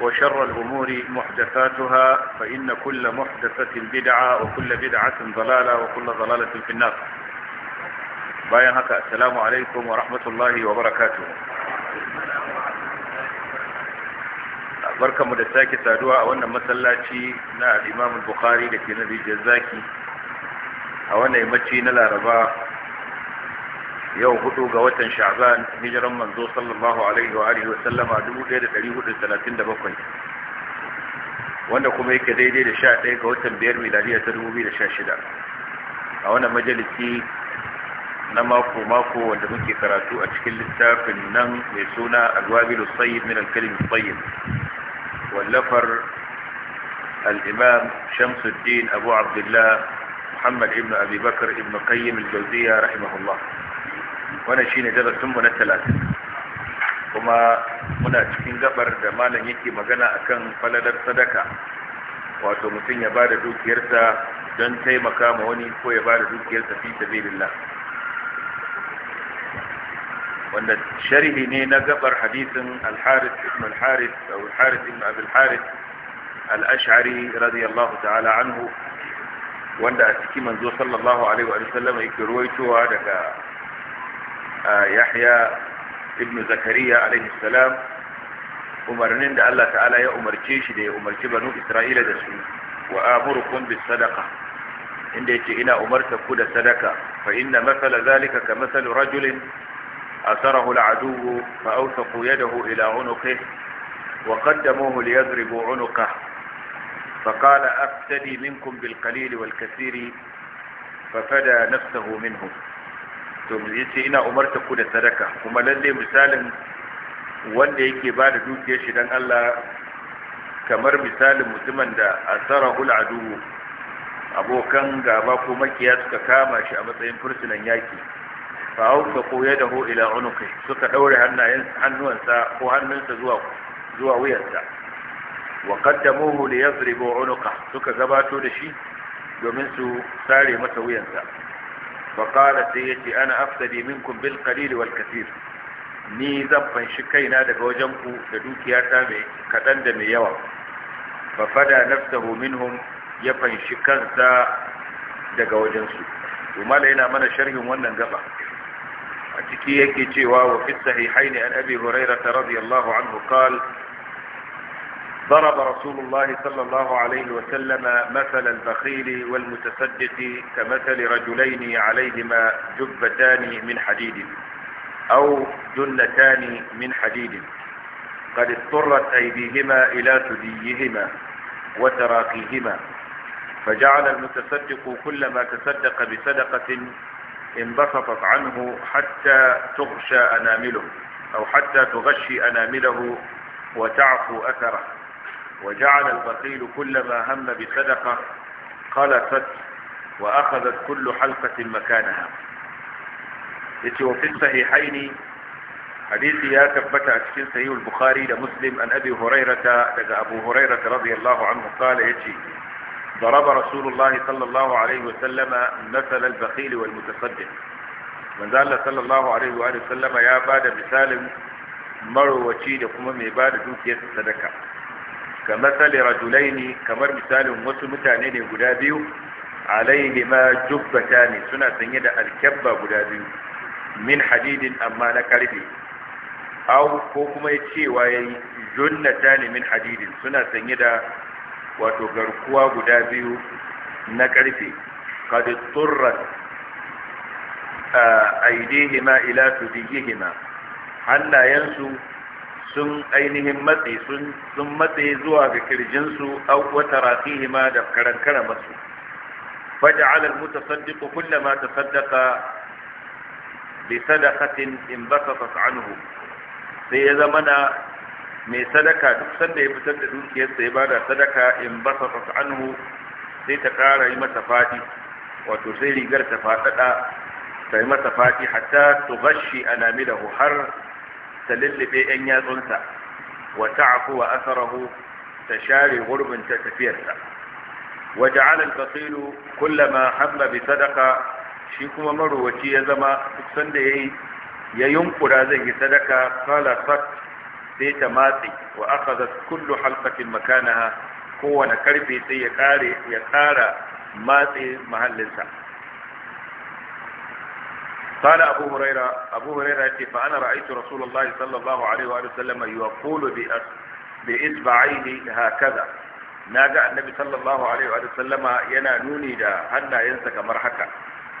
وشر الأمور محدثاتها فإن كل محدثة بدعة وكل بدعة ضلالة وكل ضلالة في النار باين هكا السلام عليكم ورحمة الله وبركاته barkanmu da sake saduwa a wannan masallaci na al'imam bukhari da ke na rijiyar zaki a wannan yammaci na laraba yau hudu ga watan sha'ban hijiran manzo sallallahu alaihi wa alihi wa sallama 1437 wanda kuma yake daidai da 11 ga watan biyar miladiya ta 2016 a wannan majalisi na mako mako wanda muke karatu a cikin littafin nan mai suna alwabilu sayyid min al-kalim sayyid wallafar al-imam shamsuddin abu abdullah محمد ابن أبي بكر ابن قيم الجوزية رحمه الله wannan shine darasin mu na talatin kuma muna cikin gabar da malam yake magana akan faladar sadaka wato mutum ya bada dukiyarsa don taimaka ma wani ko ya bada dukiyarsa fi sabilillah wanda sharhi ne na gabar hadisin al-Harith ibn al-Harith aw al-Harith ibn Abi al-Harith al-Ash'ari radiyallahu ta'ala anhu wanda a ciki manzo sallallahu alaihi wa sallam yake ruwaitowa daga يحيى ابن زكريا عليه السلام أمرنين دا الله تعالى يا أمر كيش دي أمر بنو إسرائيل دا سوء وآمركم بالصدقة إن دي إنا أمر تكود صدقة فإن مثل ذلك كمثل رجل أثره العدو فأوثق يده إلى عنقه وقدموه ليضرب عنقه فقال أفتدي منكم بالقليل والكثير ففدى نفسه منهم to mu yace ina umarta ku da sadaka kuma lalle misalin wanda yake ba da dukiyar shi dan Allah kamar misalin mutumin da asarahul adu abokan gaba ko makiya suka kama shi a matsayin fursunan yaki fa auka ko ya daho ila unukai suka daure hannayen hannuwansa ko hannunsa zuwa zuwa wa qaddamuhu li yadribu suka gabato da shi domin su sare masa wuyansa faƙala sai ya ce ana aftari min bil qalil wal kathir ni zan fanshi kaina daga wajen da dukiyata mai kaɗan da mai yawa fa fada nafsahu minhum ya fanshi kansa daga wajensu umala yana mana sharhin wannan gaba a ciki yake cewa wa fi sahihaini an abi hurairah radiyallahu anhu qala ضرب رسول الله صلى الله عليه وسلم مثل البخيل والمتصدق كمثل رجلين عليهما جبتان من حديد أو جنتان من حديد قد اضطرت أيديهما إلى ثديهما وتراقيهما فجعل المتصدق كلما تصدق بصدقة انبسطت عنه حتى تغشى أنامله أو حتى تغشي أنامله وتعفو أثره وجعل البخيل كلما هم بصدقة قلفت وأخذت كل حلقة مكانها يتي وفي الصحيحين حديث يا ثبت أشكين صحيح البخاري لمسلم أن أبي هريرة لقى أبو هريرة رضي الله عنه قال يتي ضرب رسول الله صلى الله عليه وسلم مثل البخيل والمتصدق من ذال صلى الله عليه وآله وسلم يا بعد مثال وشيد لكم من بعد دوكية الصدقة kamar sale rajulaini kamar misalin wasu mutane ne guda biyu alaihi ma jubbata ne suna sanye da alkyabba guda biyu min hadidin amma na karfe au ko kuma ya cewa ya yi junnata ne min hadidin suna sanye da wato garkuwa guda biyu na karfe kada a aidehima ila su hannayensu sun ainihin matse sun matse zuwa ga kirjinsu au wata rafihima da karankara masu فجعل المتصدق كلما تصدق بصدقة انبسطت عنه sai ya zama na mai sadaka duk sanda ya fitar da dukiyarsa ya bada sadaka in basa ta anhu sai ta kara yi masa fadi wato sai rigar ta fadada ta yi masa fadi hatta tubashi da har ta lullube yan yatsunsa wa ta'fu wa asarahu ta share gurbin ta tafiyarsa waje alal al-basiru kullama sadaka bi shi kuma maruwaci ya zama duk sanda yayi ya yunkura zai yi sadaka qala sai ta matsi wa akhadhat kullu halkafin makanaha kowane karfe sai ya ya kara matsi mahallinsa قال أبو هريرة أبو هريرة فأنا رأيت رسول الله صلى الله عليه وآله وسلم يقول بإصبعيه هكذا ناجع النبي صلى الله عليه وآله وسلم ينا نوني دا هنا ينسى كمرحكة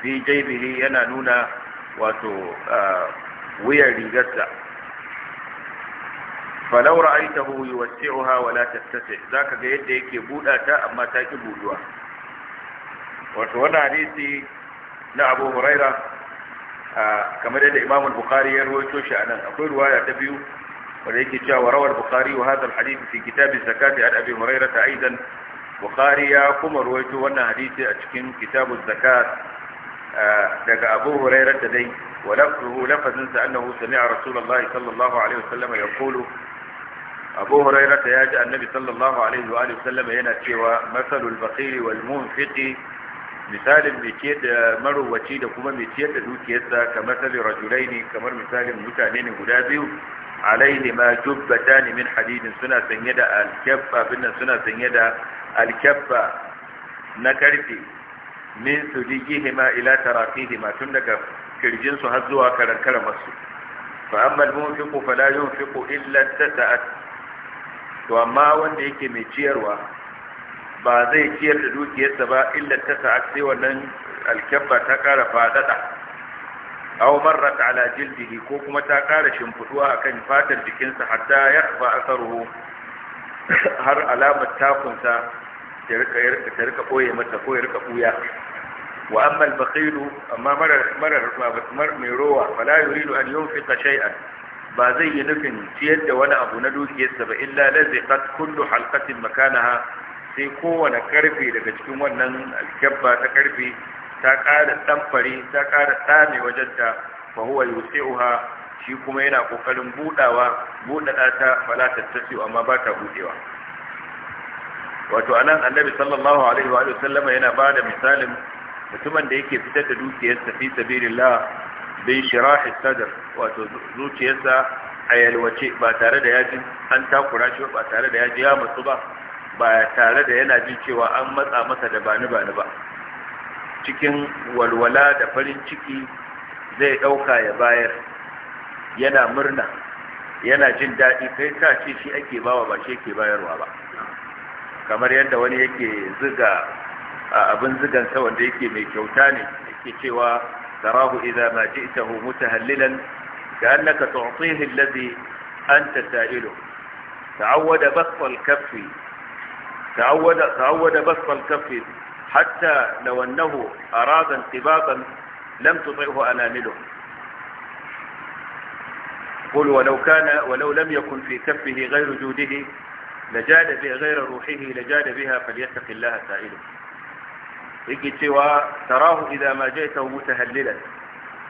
في جيبه ينا نونا واتو آه ويري جسا فلو رأيته يوسعها ولا تتسع ذاك جيد يكي بوداتا أما تاكي بودوا وتوانا حديثي na abu huraira kamar yadda imam al-bukhari ya rawaito shi anan akwai ruwaya ta biyu wanda yake cewa rawar bukhari wa hadha al-hadith fi kitab az-zakati an abi hurairah aidan bukhari ya kuma rawaito wannan hadisi a cikin kitab az-zakat daga abu hurairah da dai wa lafzuhu lafazin sa annahu sami'a rasulullah sallallahu alaihi wasallam yaqulu abu hurairah ya ji annabi sallallahu alaihi wa alihi wasallam yana cewa masalul bakhili wal munfiqi misalin mai ciyar da marowaci da kuma mai ciyar da dukiyarsa kamar sabi rajulai ne kamar misalin mutane ne guda biyu alaihi ma jubbata ne min hadidin suna sanye da alkyabba nan suna sanye da alkyabba na karfe min su digihi hima ila tarafihi ma tun daga kirjinsu har zuwa karankara masu fa amma al-munfiqu fala yunfiqu illa tasa'at to amma wanda yake mai ciyarwa ba zai ciyar da dukiyarsa ba illa ta sa'a sai wannan alkyabba ta ƙara fadada aw marrat ala jildihi ko kuma ta kara shimfiduwa akan fatar jikinsa hatta ya fa asaruhu har alamar takunsa ta rika ta rika boye mata ko ya rika buya wa amma al-bakhilu amma marar marar mai rowa fala yuridu an yunfiqa shay'an ba zai yi nufin ciyar da wani abu na dukiyarsa ba illa laziqat kullu halqatin makanaha sai kowane karfe daga cikin wannan alkyabba ta karfe ta ƙara ɗanfari ta ƙara ɗame wajenta fa huwa yusi'uha shi kuma yana kokarin buɗawa, budada ta fala amma ba ta buɗewa. wato anan annabi sallallahu alaihi wa sallama yana da misalin mutumin da yake fitar da dukiyarsa fi sabilillah bi shirah sadr wato zuciyarsa a yalwace ba tare da yaji an takura shi ba tare da yaji ya mutu ba ba tare da yana ji cewa an matsa masa da bani bani ba cikin walwala da farin ciki zai ɗauka ya bayar yana murna yana jin daɗi kai sa ce shi ake bawa ba shi ke bayarwa ba kamar yadda wani yake ziga abin zigansa wanda yake mai kyauta ne yake cewa tarahu idza ma ji'tahu mutahallilan annaka tu'tihi alladhi anta sa'iluhu ta'awwada basfal kaffi تعود, تعود بسط الكف حتى لو أنه أراد انقباضا لم تطعه أنامله قل ولو كان ولو لم يكن في كفه غير جوده لجاد بها غير روحه لجاد بها فليتق الله سائله يجي سوى تراه اذا ما جئته متهللا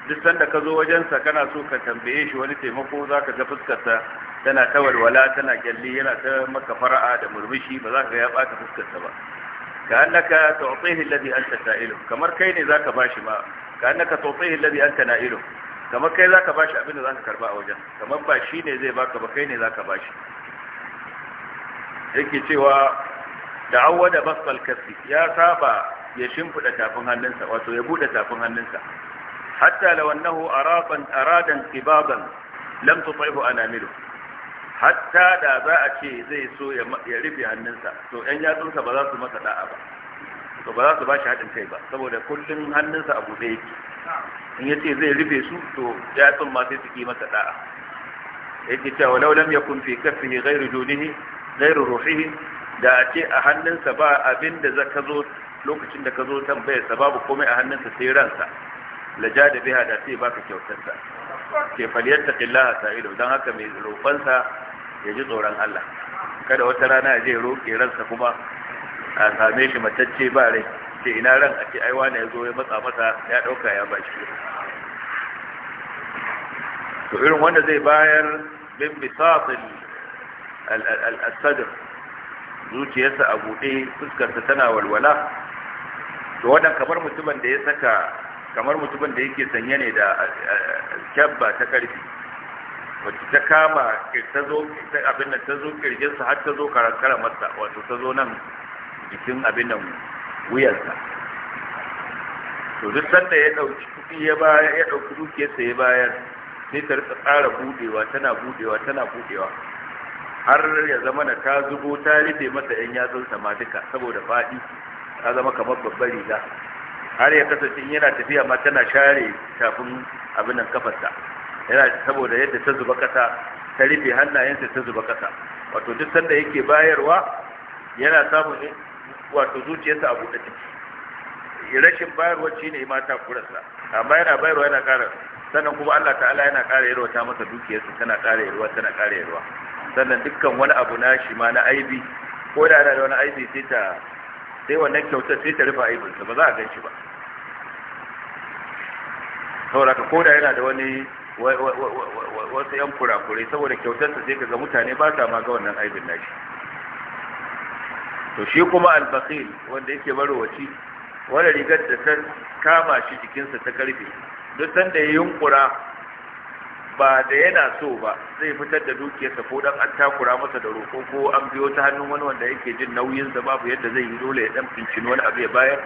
duk انك زوجا zo سوكه kana ولتي ka tambaye tana ta walwala tana gyalli yana ta maka fara'a da murmushi ba za ka ya bata fuskarsa ba ka annaka tu'tihi alladhi anta sa'ilu kamar kai ne za zaka bashi ma ka annaka tu'tihi alladhi anta na'ilu kamar kai za zaka bashi abin da ka karba a wajen kamar ba shi ne zai baka ba kai ne za zaka bashi yake cewa ta'awwada basal kasbi ya saba ya shimfiɗa tafin hannunsa wato ya bude tafin hannunsa hatta law annahu aradan aradan qibaban lam tutaihu anamilu hatta da za a ce zai so ya rufe hannunsa to ‘yan yatsunsa ba za su masa da'a ba to ba za su ba shi haɗin kai ba saboda kullum hannunsa abu da yake in ya ce zai rufe su to yatsun ma sai su masa da'a ta, cewa laulam ya kafin ya gairu dunihi gairu ruhihi da a ce a hannunsa ba abin da za ka zo lokacin da ka zo sa, babu komai a hannunsa sai ransa laja da biha da sai baka kyautarsa ke faliyar taqillaha sa'ido dan haka mai roƙonsa ya ji tsoron Allah kada wata rana ya je roƙe ransa kuma a same shi matacce ba rai ce ina ran a ce aiwa ne ya zo ya matsa masa ya ɗauka ya ba shi to irin wanda zai bayar bin misafin al zuciyarsa a buɗe fuskarsa tana walwala to wannan kamar mutumin da ya saka kamar mutumin da yake sanye ne da eh, eh, kyabba ta ƙarfi wacce ta kama ta zo abin da ta zo sa har ta zo karakara masa wato ta zo nan jikin abin nan to duk sanda ya dauki kudi ya ba ya dauki dukiyarsa ya bayar sai ta rika tsara budewa tana budewa tana budewa har ya zama na ta zubo ta rufe masa yan sa ma duka saboda faɗi ta zama kamar babbar riga har ya kasance yana tafiya ma tana share shafin abin nan kafarsa yana saboda yadda ta zuba kasa ta rufe hannayensa ta zuba kasa wato duk sanda yake bayarwa yana samun wato zuciyarsa a buɗe ciki rashin bayarwa shi ne mata kurasa amma yana bayarwa yana ƙara sannan kuma Allah ta'ala yana ƙara yarwa ta masa dukiyarsa tana ƙara yarwa tana ƙara yarwa sannan dukkan wani abu na shi ma na aibi ko da yana da wani aibi sai ta sai wannan kyautar sai ta rufe aibinsa ba za a gan shi ba saboda ko da yana da wani wasu yan kurakurai saboda kyautarsa sai ga mutane ba sa ma ga wannan aibin nashi to shi kuma al wanda yake barowaci wanda rigar da ta kama shi jikinsa ta karfe duk sanda ya yunkura ba da yana so ba zai fitar da dukiyarsa ko dan an takura masa da roƙo ko an biyo ta hannun wani wanda yake jin nauyin sa babu yadda zai yi dole ya dan fincin wani abu ya bayar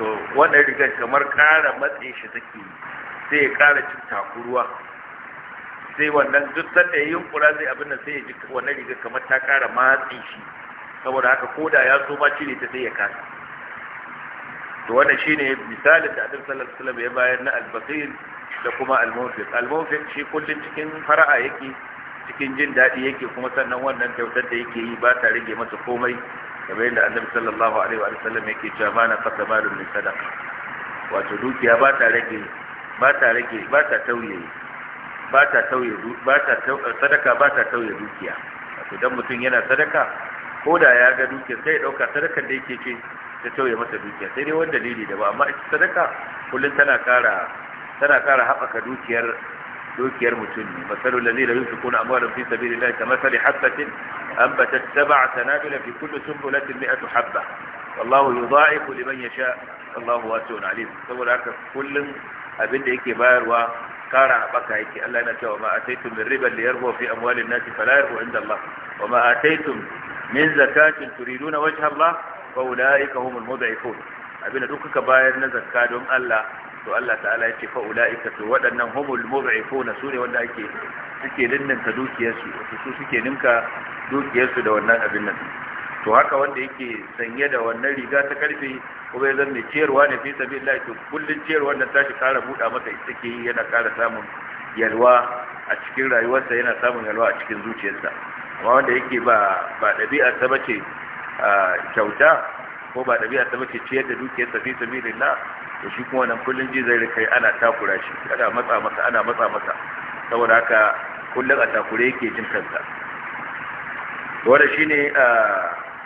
to wannan rigar kamar kara matse shi take sai ya kara cin takuruwa sai wannan duk sanda ya yunkura zai abin da sai ya ji wannan riga kamar ta kara matsin shi saboda haka ko da ya zo ma cire ta sai ya kasa to wannan shine misalin da Annabi sallallahu alaihi wasallam ya bayar na al-baqir da kuma al-munfiq al-munfiq shi kullun cikin fara'a yake cikin jin dadi yake kuma sannan wannan kyautar da yake yi ba ta rage masa komai kamar yadda Annabi sallallahu alaihi wasallam yake cewa mana qasamalun min sadaqa wato dukiya ba ta rage ba ta rage ba ta tauye ba ta tauye ba ta sadaka ba ta tauye dukiya wato dan mutum yana sadaka ko da ya ga dukiya sai ya dauka sadakan da yake ce ta tauye masa dukiya sai dai wanda dalili da ba amma ita sadaka kullun tana kara tana kara haɓaka dukiyar dukiyar mutum ne masalul ladina yunfiquna amwalahum fi sabilillahi kamathali habatin anbatat sab'a sanabila fi kulli sunbulatin mi'atu habba wallahu yudha'ifu liman yasha Allahu wasi'un alim saboda haka kullun abinda yake bayarwa kara haɓaka yake Allah yana cewa ma ataitum min riban li yarbu fi amwalin nasi fala yarbu inda Allah wa ma ataitum min zakatin turiduna wajha Allah fa ulaika humul mud'ifun abinda duk kuka bayar na zakka don Allah to Allah ta'ala ya ce fa ulaika to waɗannan humul mud'ifun sune wanda ake suke ninninka dukiyarsu su suke ninka dukiyarsu da wannan abin nan to haka wanda yake sanye da wannan riga ta karfe bai zan zama ciyarwa ne fi Allah to kullun ciyarwa nan tashi kara buda mata take yi yana kara samun yalwa a cikin rayuwarsa yana samun yalwa a cikin zuciyarsa amma wanda yake ba ba dabi'a ta bace kyauta ko ba dabi'a ta bace ciyar da dukiyarsa fi Allah to shi kuma nan kullun ji zai rika ana takura shi ana matsa masa ana matsa masa saboda haka kullun a takure yake jin kansa wanda shine a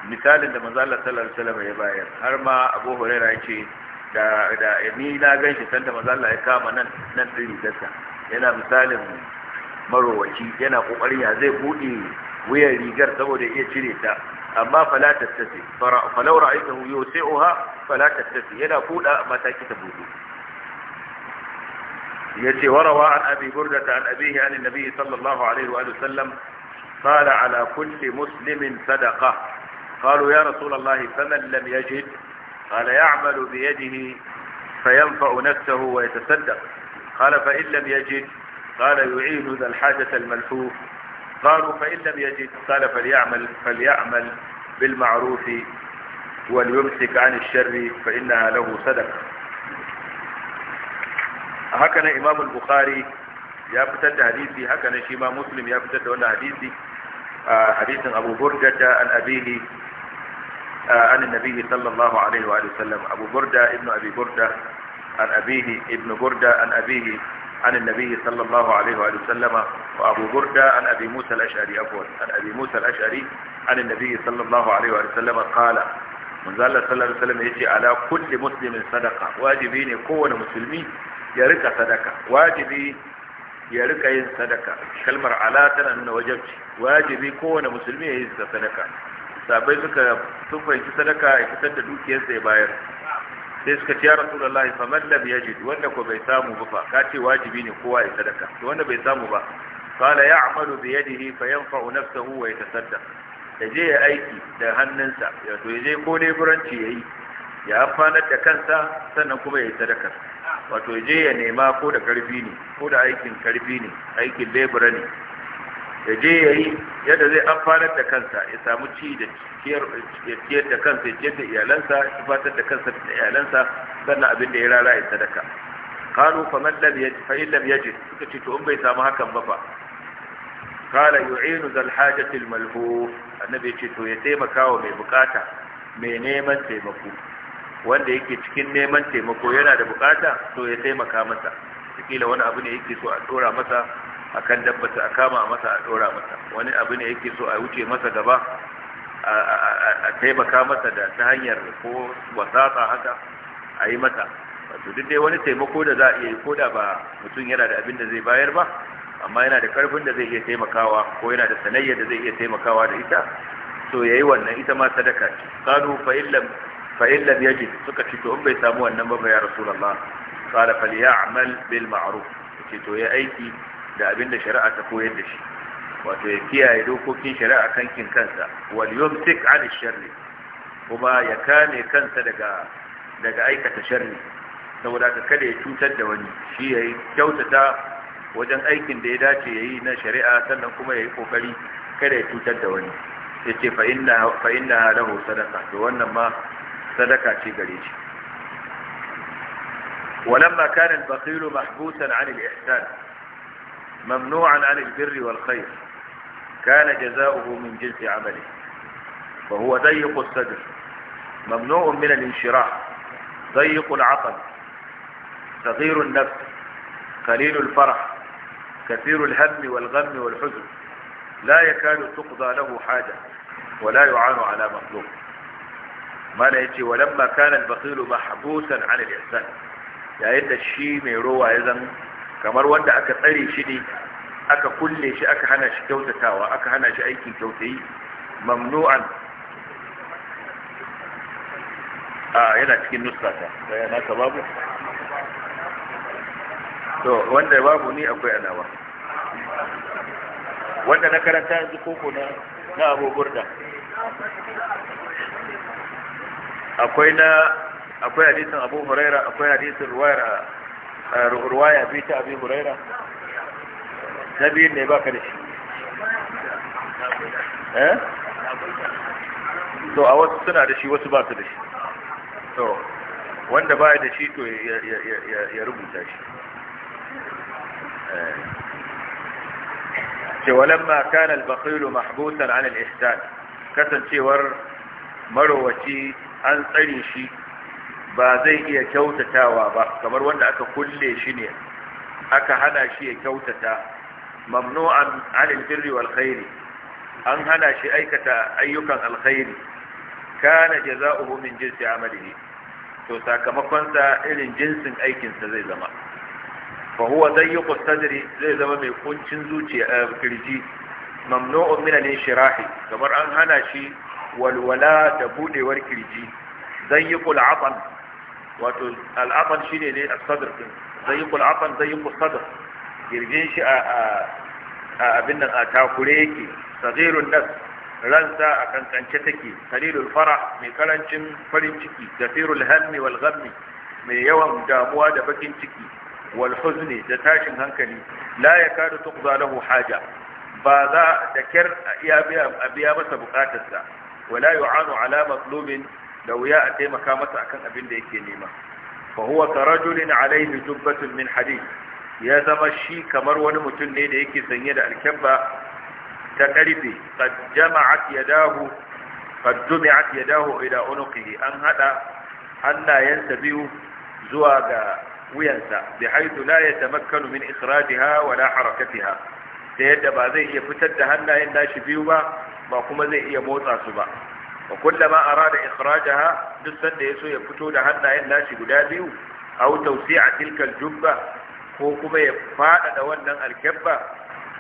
misalin da manzo Allah sallallahu ya bayar har ma Abu Hurairah ce, da da ni na ganshi sanda manzo ya kama nan nan din rigarsa yana misalin marowaci yana kokarin ya zai buɗe wuyar rigar saboda ya cire ta amma fala tattasi falau ra'aytahu yusi'uha fala tattasi yana kuda mataki ta Ya yace warawa an abi burdata an abihi an annabi sallallahu alaihi wa sallam قال على كل مسلم صدقه قالوا يا رسول الله فمن لم يجد قال يعمل بيده فينفع نفسه ويتصدق قال فإن لم يجد قال يعين ذا الحاجة الملفوف قالوا فإن لم يجد قال فليعمل, فليعمل بالمعروف وليمسك عن الشر فإنها له صدقة هكذا إمام البخاري ya fitar هكذا hadisi مسلم ne shi ma muslim ya fitar da wannan آه، عن النبي صلى الله عليه وآله وسلم أبو بردة ابن أبي بردة عن أبيه ابن بردة عن أبيه عن النبي صلى الله عليه وآله وسلم وأبو بردة عن أبي موسى الأشعري أفضل عن أبي موسى الأشعري عن النبي صلى الله عليه وآله وسلم قال منزل الله صلى الله عليه وسلم يجي على كل مسلم صدقة واجبين يكون مسلمين يرك صدقة واجبي يرك ين صدقة كلمة على تنا من وجبتي واجبي يكون مسلمين يرك صدقة sabai suka sun fahimci sadaka a fitar da dukiyarsa ya bayar sai suka su ya lahi fa da lam yajid wanda ko bai samu ba fa ka ce wajibi ne kowa ya sadaka to wanda bai samu ba qala ya'malu bi yadihi fa huwa ya ta sadda. da je ya aiki da hannunsa ya to ya je ko dai buranci yi. ya amfanar da kansa sannan kuma ya yi sadakar wato ya je ya nema ko da karfi ne ko da aikin karfi ne aikin lebura ne ya je ya yi yadda zai amfanar da kansa ya samu ci da ciyar da kansa ya ciyar da iyalansa ya fatar da kansa da iyalansa sannan abin da ya rara ya sadaka kanu faman lam yaji fa yaji suka ce to in bai samu hakan ba ba. kala yu'inu zal hajati al malhuf annabi ce to ya taimaka wa mai bukata mai neman taimako wanda yake cikin neman taimako yana da bukata to ya taimaka masa kila wani abu ne yake so a dora masa akan dabbata a kama masa a dora masa wani abu ne yake so a wuce masa gaba a taimaka masa da ta hanyar ko wasata haka a yi mata wato duk wani taimako da za a iya yi ko da ba mutum yana da abin da zai bayar ba amma yana da karfin da zai iya taimakawa ko yana da sanayyar da zai iya taimakawa da ita so yayi wannan ita ma sadaka ce qalu fa illam fa suka ce to in bai samu wannan ba ya rasulullah qala Amal bil ma'ruf ce to ya aiki da abin da shari'a ta koyar da shi wato ya kiyaye dokokin shari'a kankin kansa wal yumsik an sharri kuma ya kame kansa daga daga aikata sharri saboda ka kada ya cutar da wani shi yayi kyautata wajen aikin da ya dace yayi na shari'a sannan kuma yayi kokari kada ya cutar da wani yace fa inna fa inna lahu sadaqa to wannan ma sadaka ce gare shi ولما كان البخيل محبوسا عن الإحسان ممنوعا عن البر والخير كان جزاؤه من جنس عمله فهو ضيق الصدر ممنوع من الانشراح ضيق العقل صغير النفس قليل الفرح كثير الهم والغم والحزن لا يكاد تقضى له حاجة ولا يعان على مخلوق ما لهيتي ولما كان البخيل محبوسا عن الإحسان يعني الشيء ميروى إذن kamar wanda aka tsare shi ne aka kulle shi aka hana shi kyautatawa aka hana shi aikin kyautayi mamnu'an a yana cikin nuskata yana ta babu to wanda babu ni akwai alawa wanda na karanta yanzu koko na na abubuwa akwai na akwai hadisin abu huraira akwai hadisin ruwayar ruwaya bi ta abi huraira na biyun ne baka da shi eh to a wasu suna da shi wasu ba su da shi to wanda ba da shi to ya rubuta shi ce walamma kana al-bakhilu mahbusan 'an al kasancewar marowaci an tsare shi ba zai iya kyautatawa ba kamar wanda aka kulle shi ne aka hana shi ya kyautata mamnu'an 'anil birri wal khairi an hana shi aikata ayyukan alkhairi kana jaza'uhu min jinsi amalihi to sakamakon sa irin jinsin aikin sa zai zama fa huwa dayyqu sadri zai zama mai kuncin zuciya eh, kirji mamnu'un min al-inshirahi kamar an hana shi walwala da budewar kirji dayyqu al-'atan wato al'afan shi ne ne a sadar din zai yi kul'afan zai yi kusadar girgin shi a abin nan a takure yake sagirun nas ransa a kankance take kalilul fara mai karancin farin ciki gafirul hammi wal mai yawan damuwa da bakin ciki wal da tashin hankali la yakadu tuqda lahu haja ba za da kyar a biya masa bukatarsa wala yu'anu ala matlubin da wuya a taimaka masa akan abin da yake nema fa huwa ka alaihi jubbatun min hadid ya zama shi kamar wani mutum ne da yake sanye da alkyabba ta karfe qad jama'at yadahu qad jumi'at yadahu ila unuqihi an hada hannayensa biyu zuwa ga wuyansa bi haythu la yatamakkanu min ikhrajiha wala harakatiha ta yadda ba zai iya fitar da hannayen nashi biyu ba ba kuma zai iya motsa su ba وكلما أراد إخراجها دستان ديسو يفتو لهنا الناس قدابيو أو توسيع تلك الجبة وكما يفاء دولنا الكبة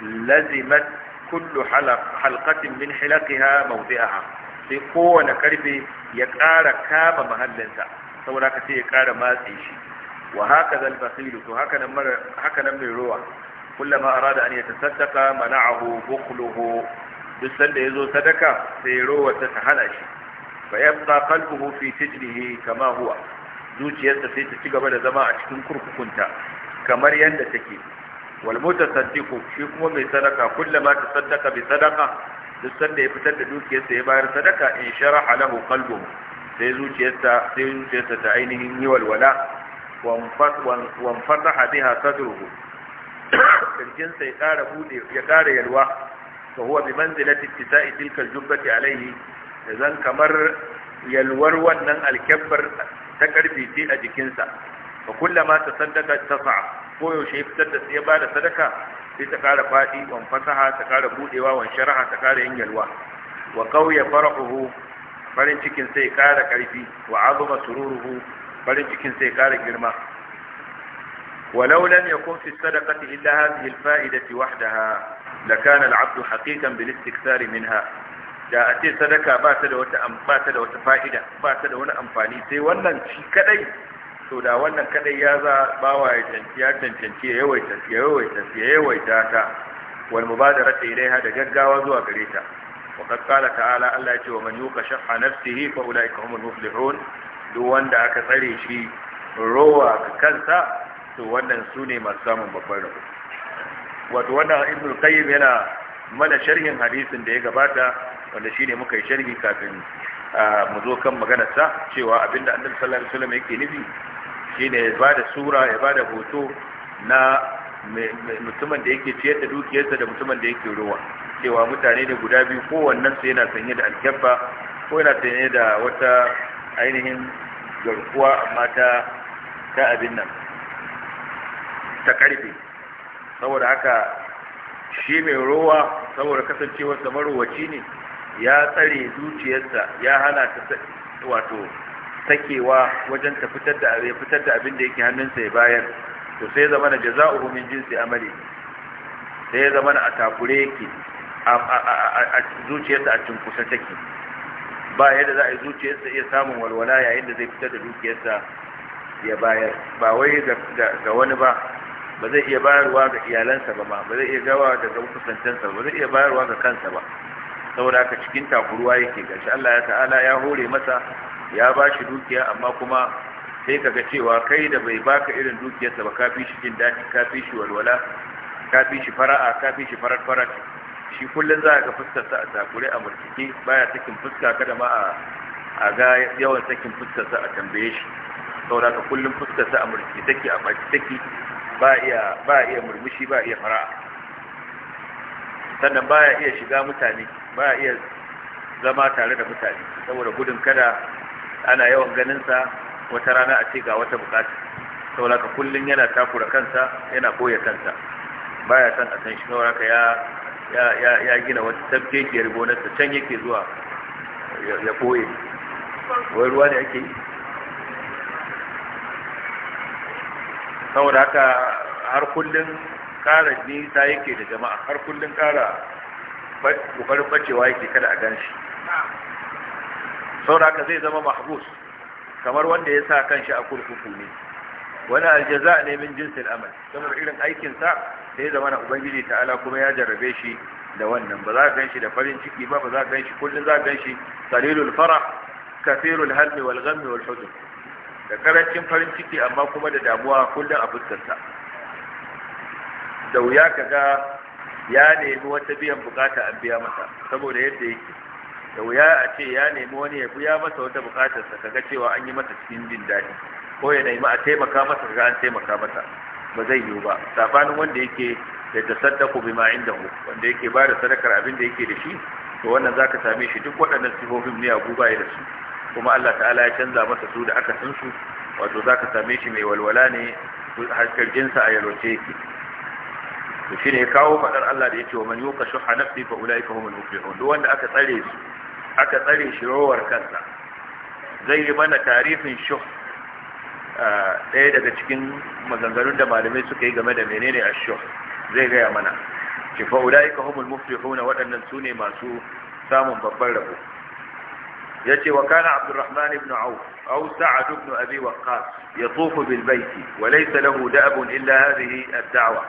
لزمت كل حلق حلقة من حلقها موضعها في قوة نكربي يكار كاب مهلنسا ثم راكسي يكار مازيشي وهكذا البخيل هكذا من روح كلما أراد أن يتصدق منعه بخله duk sanda ya zo sadaka sai rowa ta hana shi fa yabqa qalbuhu fi sijnihi kama huwa zuciyarsa sai ta ci gaba da zama a cikin kurkukunta kamar yadda take wal mutasaddiqu shi kuma mai sadaka kullama sadaka bi sadaka. duk sanda ya fitar da dukiyarsa ya bayar sadaka in sharaha lahu qalbuhu sai zuciyarsa sai zuciyarsa ta ainihin yi walwala wanfataha biha sadruhu kirjinsa ya kara bude ya ƙara yalwa Ka huwa bi manzilati ittisa'i tilka al-jubbati alayhi zan kamar yalwar wannan alkabbar ta karfi ce a jikinsa fa kullama tasaddaqa tasa'a ko yaushe fitar da ya bada sadaka sai ta kara fadi wan fasaha ta kara budewa wan ta kara yin wa farin cikin sai wa sururuhu farin cikin sai girma ولو لم يكن في الصدقة إلا هذه الفائدة وحدها لكان العبد حقيقا بالاستكثار منها da a ce sadaka ba ta da wata ba ta da wata fa'ida ba ta da wani amfani sai wannan shi kadai to da wannan kadai ya za bawa ya canci ya cancanci ya yawaita ya yawaita ya yawaita ta wal mubadarata ilaiha da gaggawa zuwa gare ta wa qad qala ta'ala Allah ya ce wa man yuqa shaqqa nafsihi fa ulaika humul muflihun duk wanda aka tsare shi rowa ga kansa to wannan sune masu samun babban rabo wato wannan ibnu qayyim yana mana sharhin hadisin da ya gabata wanda shine muka yi sharhi kafin mu zo kan maganar sa cewa abinda annabi sallallahu alaihi wasallam yake nufi shine ya bada sura ya bada hoto na mutumin da yake ciyar da dukiyarsa da mutumin da yake ruwa cewa mutane ne guda biyu wannan su yana sanye da alkyabba ko yana sanye da wata ainihin garkuwa amma ta ta abin nan ta karfe saboda haka shi mai rowa saboda kasancewarsa marowaci ne ya tsare zuciyarsa ya hana ta wato sakewa wajen ta fitar da ya fitar da abin da yake hannunsa ya bayar to sai zama na jaza'uhu min jinsi amali sai ya zama a takure yake a zuciyarsa a kusa take ba yadda za a yi zuciyarsa iya samun walwala yayin da zai fitar da dukiyarsa ya bayar ba wai ga wani ba ba zai iya bayarwa ga iyalansa ba ma ba zai iya gawa daga kusantansa ba zai iya bayarwa ga kansa ba saboda haka cikin takuruwa yake gashi Allah ya ta'ala ya hore masa ya ba shi dukiya amma kuma sai kaga cewa kai da bai baka irin dukiyarsa ba kafi shi jin daɗi kafi shi walwala kafi shi fara'a kafi shi farar farar shi kullum za a ga fuskarsa a takure a murtiki baya sakin fuska kada ma a ga yawan sakin fuskarsa a tambaye shi saboda ka kullum fuskarsa a murtiki take a baki take ba a iya murmushi ba iya fara'a sannan ba ya iya shiga mutane ba ya iya zama tare da mutane saboda gudun kada ana yawan ganinsa wata rana a ce ga wata bukata saboda ka kullum yana takura kansa yana koya kansa ba ya san a san shi ya gina wata gonar ta, can yake zuwa ya koye wai ruwa ne ake yi saboda haka har kullum kara nisa yake da jama'a har kullum kara kokarin bacewa yake kada a ganshi saboda haka zai zama mahbus kamar wanda ya sa kanshi a kurkuku ne wani aljaza ne min jinsin amal saboda irin aikinsa da ya zama na ubangiji Ala, kuma ya jarrabe shi da wannan ba za ka ganshi da farin ciki ba ba za ka ganshi kullum za ka ganshi qalilul fara kathirul hammi wal ghammi wal da karancin farin ciki amma kuma da damuwa kullum a fuskarsa da wuya kaga ya nemi wata biyan bukata an biya masa saboda yadda yake da wuya a ce ya nemi wani ya biya masa wata bukatarsa ga cewa an yi masa cikin jin daɗi ko ya nemi a taimaka masa kaga an taimaka masa ba zai yiwu ba sabanin wanda yake da bi bima ku, wanda yake ba da sadakar abin da yake da shi to wannan zaka same shi duk waɗannan sifofin ne a guba da su kuma Allah ta'ala ya canza masa su da aka san su wato zaka same shi mai walwala ne harkarjin jinsa a yalwace yake to shine ya kawo fadar Allah da ya yace wa man yuka shuha nafsi fa ulaika humul muflihun duk wanda aka tsare su aka tsare shi rowar kansa zai yi mana tarihin shuh ɗaya daga cikin maganganun da malamai suka yi game da menene a shuh zai gaya mana ce fa ulaika humul muflihun waɗannan su ne masu samun babban rabo يتي وكان عبد الرحمن بن عوف أو سعد بن أبي وقاص يطوف بالبيت وليس له دأب إلا هذه الدعوة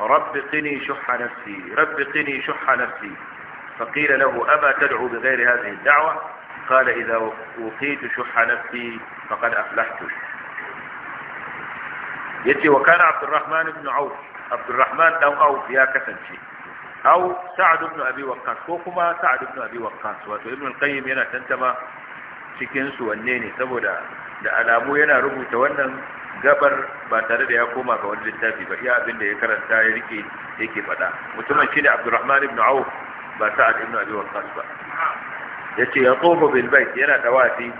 رب قني شح نفسي رب قني شح نفسي فقيل له أما تدعو بغير هذه الدعوة قال إذا وقيت شح نفسي فقد أفلحت يتي وكان عبد الرحمن بن عوف عبد الرحمن أو أوف يا كسنشي aw sa'ad ibn abi waqqas ko kuma sa'ad ibn abi waqqas wato ibn qayyim yana tantama cikinsu wanne ne saboda da alamu yana rubuta wannan gabar ba tare da ya koma ga wani littafi ba iya abin da ya karanta ya rike yake faɗa mutumin shine Abdulrahman ibn auf ba sa'ad ibn abi waqqas ba yace ya tofa bil bait yana dawafi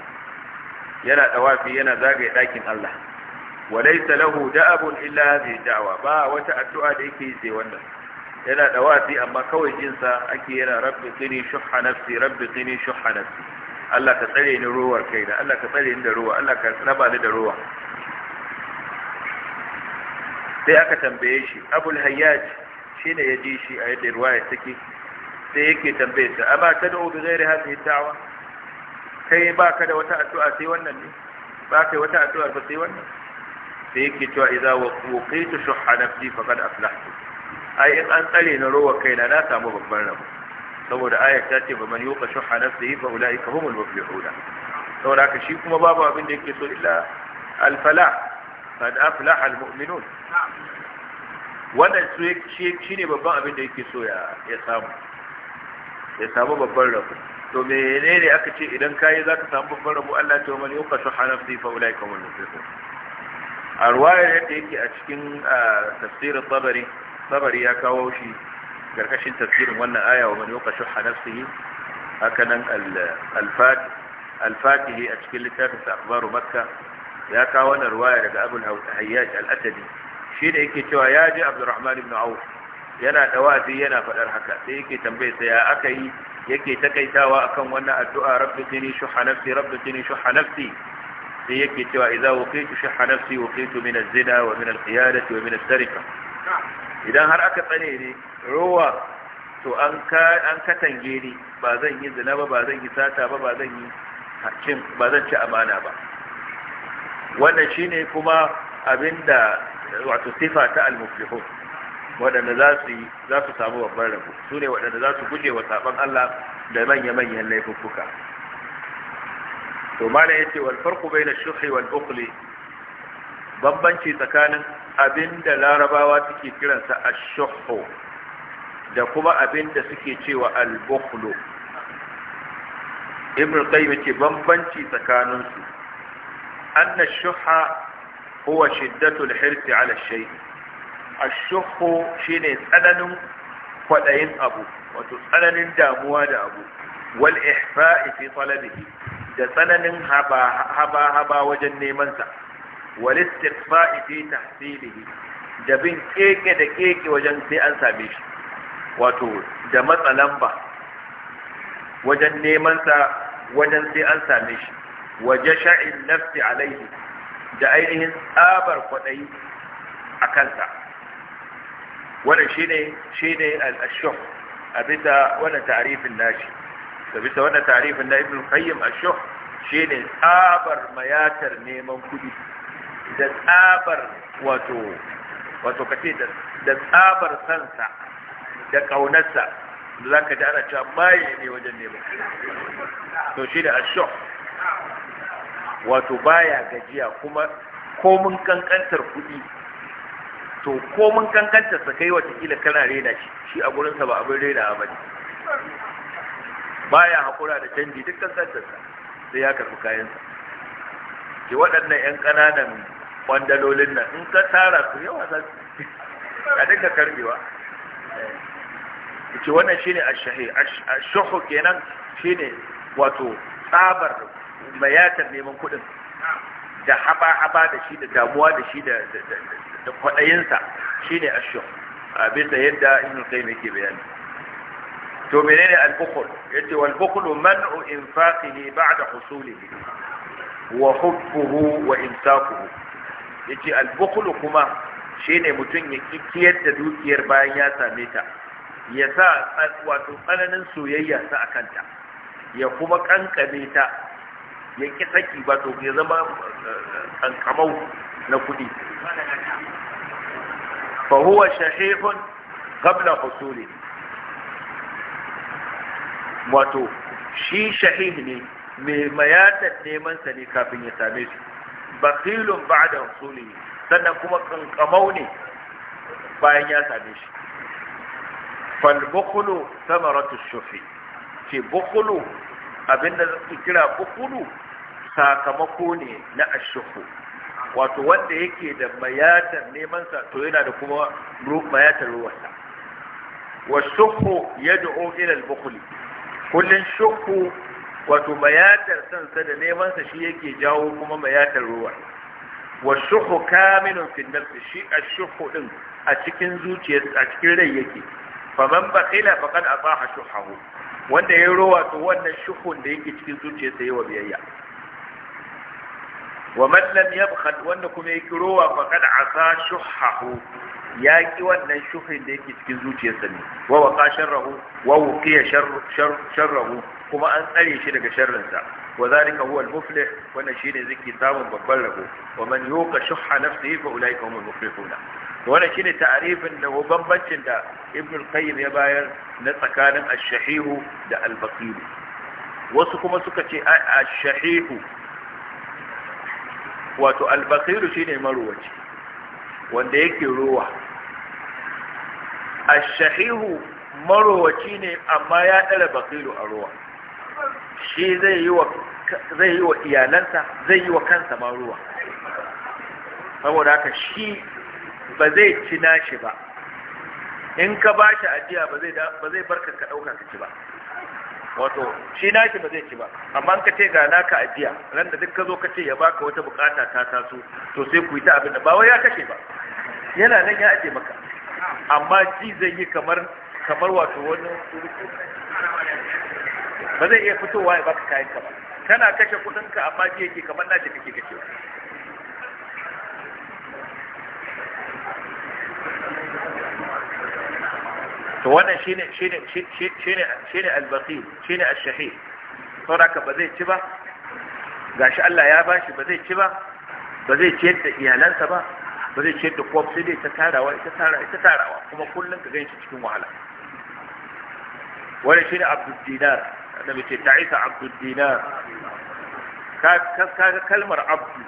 yana dawafi yana zagaye dakin Allah walaysa lahu da'abun illa hadhihi da'wa ba wata addu'a da yake sai wannan yana da dawafi amma kawai jinsa ake yana rabbi qini shuhha nafsi rabbi qini shuhha nafsi Allah ka tsare ni ruwar kaina Allah ka tsare ni da ruwa Allah ka raba ni da ruwa sai aka tambaye shi abul hayyaj ne ya ji shi a yadda ruwaya take sai yake tambaye sa amma ta tad'u bi ghairi hadhihi da'wa kai baka da wata addu'a sai wannan ne baka wata addu'a ba sai wannan sai yake cewa idza waqitu shuhha nafsi faqad aflahtu ai in an tsare na rowa kaina na samu babban rabo saboda ayat ta ce ba man yuqa shuhha nafsihi fa ulaika humul huda. saboda ka shi kuma babu abin da yake so illa al falah qad afila al wannan shi ne babban abin da yake so ya samu ya samu babban rabo to menene aka ce idan kayi ka samu babban rabu, Allah ta man yuqa shuhha nafsihi fa ulaika humul muflihun a ruwayar yadda yake a cikin ah, tafsirin tabari sabari ya kawo shi karkashin tafsirin wannan aya wa man yuqashu nafsihi hakanan al-fatihi a cikin littafin sa makka ya kawo wannan ruwaya daga abul hayyaj al-atadi shi da yake cewa ya ji abdurrahman ibn auf yana dawazi yana faɗar haka sai yake tambaye sai ya aka yi yake takaitawa akan wannan addu'a rabbi tini shuha nafsi rabbi tini shuha nafsi sai yake cewa idza waqitu shuha nafsi waqitu min az-zina wa min al-qiyadati wa min as-sarika idan har aka tsane ne rowa to an katange ni ba zan yi zina ba ba zan yi sata ba ba zan yi ba zan ci amana ba wannan shine kuma abinda wato sifa ta al-muflihun waɗanda za su samu babban rabo su ne waɗanda za su guje wa saban Allah da manya-manyan laifuffuka to mala yace wal farqu bai na shuhi wal uqli bambanci tsakanin abinda larabawa suke kiransa ashuhu da kuma abinda suke cewa albukhlu ibn qayyim ce bambanci tsakanin su anna shuha huwa shiddatu al-hirs ala ash-shay ashuhu shine tsananin kwadayin abu wato tsananin damuwa da abu wal ihfa'i fi talabihi da tsananin haba haba wajen neman sa wal istiqfa'i fi tahsilihi da bin keke da keke wajen sai an same shi wato da matsa lamba wajen neman sa wajen sai an same shi waje sha'in nafti alaihi da ainihin tsabar kwaɗayi a kansa wannan shine shine al-ashuf a bisa wannan tarifin nashi da bisa wannan tarifin na ibn Ashok shi ne tsabar mayatar neman kudi da tsabar wato wato kace da da tsabar sansa da kaunarsa da zaka ji ana cewa baye ne wajen neman to shi da asho wato baya gajiya kuma komun kankantar kuɗi to komun kankantar sa kai watakila kana rena shi shi a gurinsa ba abin rena ba ne baya haƙura da canji duk kankantar sa sai ya karɓi kayansa ke waɗannan 'yan ƙananan kwandalolin nan in ka tara su yawa za su a dinga karbewa ce wannan shine ashahi ashahu kenan shine wato tsabar bayatar neman kuɗin da haba-haba da shi da damuwa da shi da kwaɗayinsa shine ashahu abin da yadda ibn qayyim yake bayani to menene al-bukhl yace wal bukhl man'u infaqihi ba'da husulihi wa hubbuhu wa imsakuhu yace ce bukhlu kuma shine mutum ya kikiyar da dukiyar bayan ya same ta ya sa wato tsananin soyayya sa akanta ya kuma kankame ta ya ki saki wato ya zama eh, kankamau na kudi fa huwa shahihun qabla husuli wato shi shahih ne mai mayatar neman sa ne kafin ya same su bakhilun ba'da husulihi sannan kuma kankamau ne bayan ya same shi fal bukhlu thamaratu shufi ce bukhlu abinda zai kira bukhlu sakamako ne na ashufu wato wanda yake da mayatar neman sa to yana da kuma mayatar ruwansa wa shuhu yad'u ila al bukhli kullun shuhu wato mayatar sansa da nemansa shi yake jawo kuma mayatar ruwa wa shuhu kamilun fi nafsi shi a shuhu din a cikin zuciya a cikin rai yake faman bakila faqad asaha shuhahu wanda ya rowa to wannan shuhun da yake cikin zuciyarsa yawa biyayya wa man lam yabkhad wanda kuma yake rowa faqad asa shuhahu ya ki wannan shuhin da yake cikin zuciyarsa ne wa waqa sharrahu wa wuqiya sharrahu kuma an tsare shi daga sharrinsa wa zalika huwa al-muflih wannan shine zaki samun babban rabo wa man yuqa shuhha nafsihi fa ulaika humul muflihun wannan shine ta'rifin da bambancin da ibn al-qayyim ya bayar na tsakanin ash-shahihu da al-baqir wasu kuma suka ce ash-shahihu wato al-baqir shine marwaci wanda yake ruwa ash-shahihu marwaci ne amma ya dara baqiru a ruwa shi zai yi wa zai yi wa iyalansa zai yi wa kansa ma ruwa saboda haka shi ba zai ci nashi ba in ka ba shi ajiya ba zai barka ka ɗauka ka ci ba wato shi nashi ba zai ci ba amma ka ce ga naka ajiya ran da duk ka zo ka ce ya baka wata bukata ta taso to sai ku yi ta abin da ba wai ya kashe ba yana nan ya aje maka amma ji zai yi kamar kamar wato wani ba zai iya fitowa ya baka kayan ka ba kana kashe kudin ka amma ji yake kamar nashi kake kashe to wannan shine shine shine shine al-baqi shine ash-shahid saboda ba zai ci ba gashi Allah ya bashi ba zai ci ba ba zai ci da iyalansa ba ba zai ci da kowa sai dai ta tarawa ita tara ita tarawa kuma kullum ka ganshi cikin wahala wannan shine abdul dinar annabi ce ta'isa Abdul dinar ka ka kalmar abdu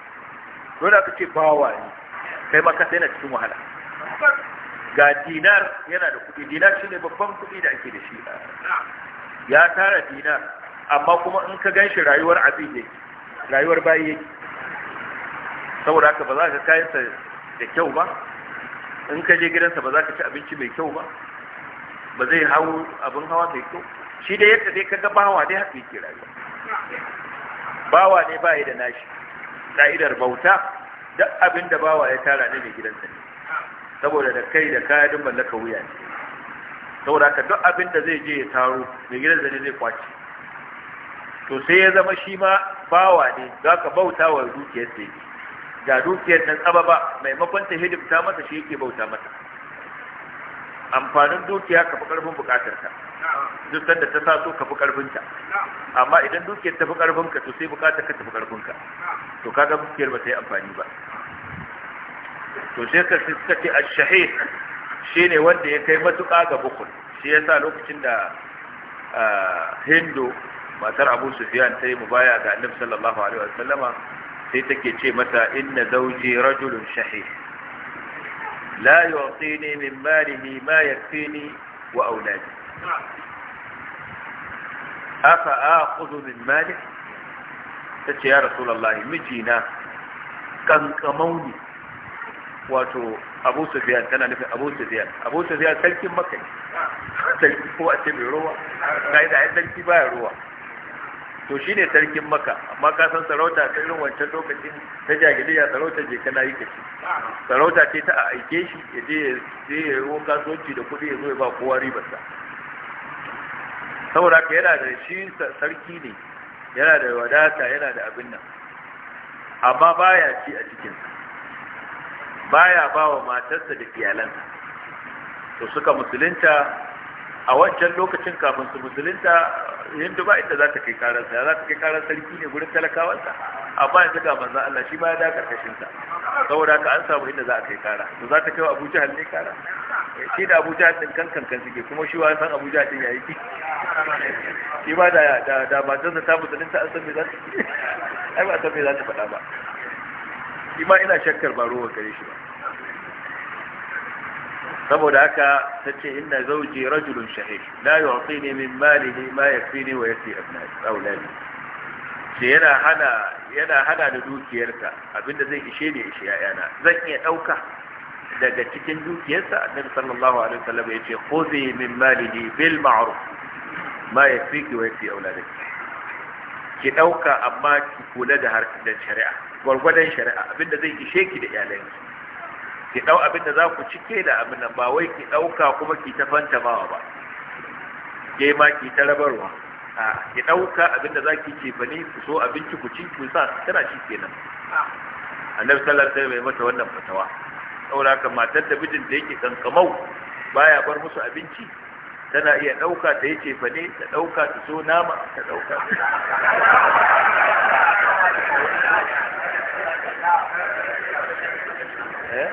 dole ka ce bawa ne kai ma ka sai na cikin wahala ga dinar yana da kuɗi dinar shi ne babban kuɗi da ake da shi ya tara dinar amma kuma in ka ganshi rayuwar abin ne rayuwar bayi yake saboda haka ba za ka kayansa da kyau ba in ka je gidansa ba za ka ci abinci mai kyau ba ba zai hau abin hawa mai kyau shi da yadda dai kaga bawa dai haka yake rayuwa bawa ne ba da nashi ka'idar bauta duk abin da bawa ya tara ne mai gidansa ne saboda da kai da kaya duk mallaka wuya ne saboda ka duk abin da zai je ya taro mai gidansa ne zai kwace to sai ya zama shi ma bawa ne za ka bauta wa dukiyar sai ga dukiyar nan tsaba ba maimakon ta hidimta masa shi yake bauta masa amfanin dukiya ka fi karfin bukatarka duk sanda ta taso ka fi karfinta amma idan dukiyar ta fi karfinka to sai bukatar ka ta fi karfinka to kaga dukiyar ba ta yi amfani ba to sai ka suka ce ash-shahih shine wanda ya kai matuƙa ga bukul shi yasa lokacin da Hindu matar Abu Sufyan ta yi mubaya ga Annabi sallallahu alaihi wasallama sai take ce masa inna zawji rajulun shahih لا يعطيني من ماله ما يكفيني وأولادي أفأخذ من ماله قلت يا رسول الله مجينا كان كموني واتو أبو سفيان كان نفع أبو سفيان أبو سفيان سلك مكي سلك قوة بروا قايدة عند الكبار روا to shi ne sarkin maka amma ka san sarauta ta irin wancan lokacin ta jahiliya sarauta je kana yi kashi sarauta ce ta aike shi ya je ya yi kasuwanci da kuɗi ya zo ya ba kowa ribarsa saboda ka yana da shi sarki ne yana da wadata yana da abin nan amma baya ci a cikinsa baya ba wa matarsa da iyalansa to suka musulunta a wancan lokacin kafin su musulunta Yadda ba inda za ta kai karar sa za ta kai karar sarki ne gurin talakawansa amma bayan ga manzan Allah shi baya ya kashin sa saboda haka an samu inda za a kai kara to za ta kai wa Abu Jahal ne kara eh, shi da Abu Jahal din kankan kan suke kuma shi wa san Abu Jahal din yayi shi ba da da da matarsa ta musulunta an san me za ta ai ba ta me za ta faɗa ba shi ma ina shakkar ba ruwa gare shi ba saboda haka ta ce inna zauji rajulun shahid la yu'tini min malihi ma ya fi yakfini wa yakfi auladi ce yana hana yana hana da dukiyarsa abinda zai ishe ne ishe yana zan iya ɗauka daga cikin dukiyarsa annabi sallallahu alaihi sallam wasallam yace khudhi min malihi bil ma'ruf ma ya fi yakfiki wa yakfi auladaki ki ɗauka amma ki kula da harkar shari'a gwargwadon shari'a abinda zai ishe ki da iyalanki ki dau abin da za cike da abin nan ba wai ki dauka kuma ki ta fantamawa ba ke ma ki ta rabarwa a ki dauka abin da zaki ce ba ne ku so abinci ku ci ku sa tana shi kenan annabi sallallahu alaihi wasallam mata wannan fatawa saboda haka matar da mijin da yake kankamau baya bar musu abinci tana iya dauka ta yace fa ne ta dauka ta so nama ta dauka Eh?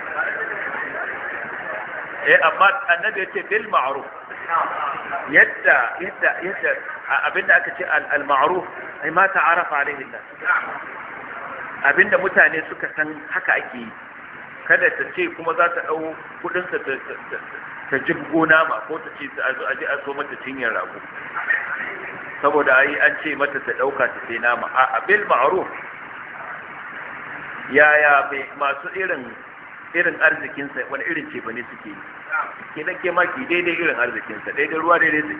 eh amma annabi yace ce bil ma'ruf yadda yadda yadda abinda aka ce al ma'ruf ai ma ta'arafa alaihi nas abinda mutane suka san haka ake yi kada ta ce kuma za ta dau kudin ta ta gona ma ko ta ce a ji a so mata cinyar rago saboda ai an ce mata ta dauka ta sai nama a bil ma'ruf yaya masu irin irin arzikinsa wani irin ce bane suke yi ke nan ke maki daidai irin arzikinsa daidai ruwa daidai suke